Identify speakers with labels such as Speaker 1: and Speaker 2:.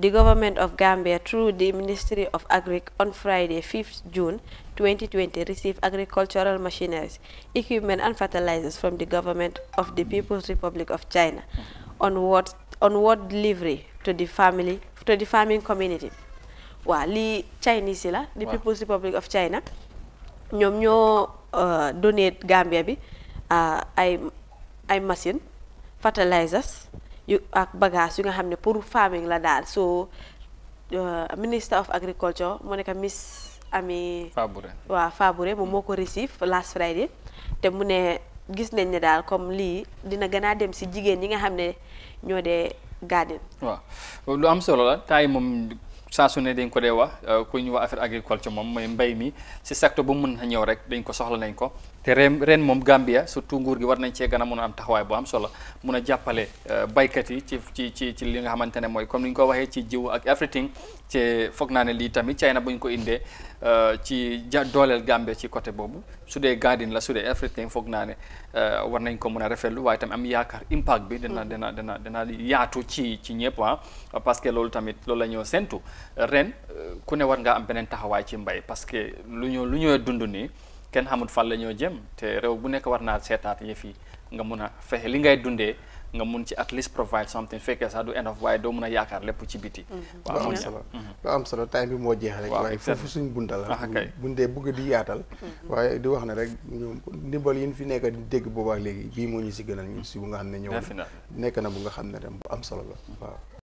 Speaker 1: the government of Gambia through the Ministry of Agri on Friday 5th June 2020 received agricultural machineries, equipment and fertilizers from the government of the People's Republic of China on what on what delivery to the family to the farming community. waaw lii Chinese la the People's Republic of China ñoom ñoo euh, donate Gambia bi euh, ay ay machine fertilizers yu ak bagage yu nga xam ne pour farming la daal so uh, minister of agriculture moo nekk Miss Ami Fabure waaw Fabure moom moo ko receive last Friday te mu ne gis nañ ne daal comme lii dina gën a dem si jigéen ñi nga xam ne ñoo dee garden waaw
Speaker 2: lu am solo la taay moom saa su ne dañ ko dee wax ku wa wax affaire agriculture moom mooy mbay mi si secteur bu mun a ñëw rek dañ ko soxla nañ ko te ren ren moom Gambia surtout nguur gi war nañ cee gën a mun a am taxawaay bo am solo mun a jàppale euh, baykat yi ci ci ci ci li nga xamante ne mooy comme ni ñu ko waxee ci jiw ak everything te foog naa ne lii tamit China bu ñu ko indee euh, ci ja dooleel Gambia ci côté boobu su dee garden la su dee everything foog naa ne euh, war nañ ko mun a rafetlu waaye tamit am yaakaar impact bi dina mm-hmm. dina dina dina yaatu ci ci ñëpp ah parce que loolu tamit loolu la ñoo séntu ren ku ne war ngaa am beneen taxawaay ci mbay parce que lu ñu lu ñoo dund nii kenn xamul fan la ñoo jëm te réew bu nekk war naa seetaat yëf yi nga mun a fexe li ngay dundee nga mun ci at least provide something fekkee sax du enough waaye doo mun a yaakaar lépp ci biti. Mm-hmm. Mm-hmm.
Speaker 3: lu am solo lu time bi moo jeex rek. waaye foofu suñ bunta la. Ah, bundee bugg di yaatal. Mm-hmm. waaye di wax ne rek ñu ndimbal yi fi nekk di dégg boobaak léegi bii moo ñu si gënal ñu si bu nga xam ne ñëw nekk na bu nga xam ne dem bu am solo la waaw.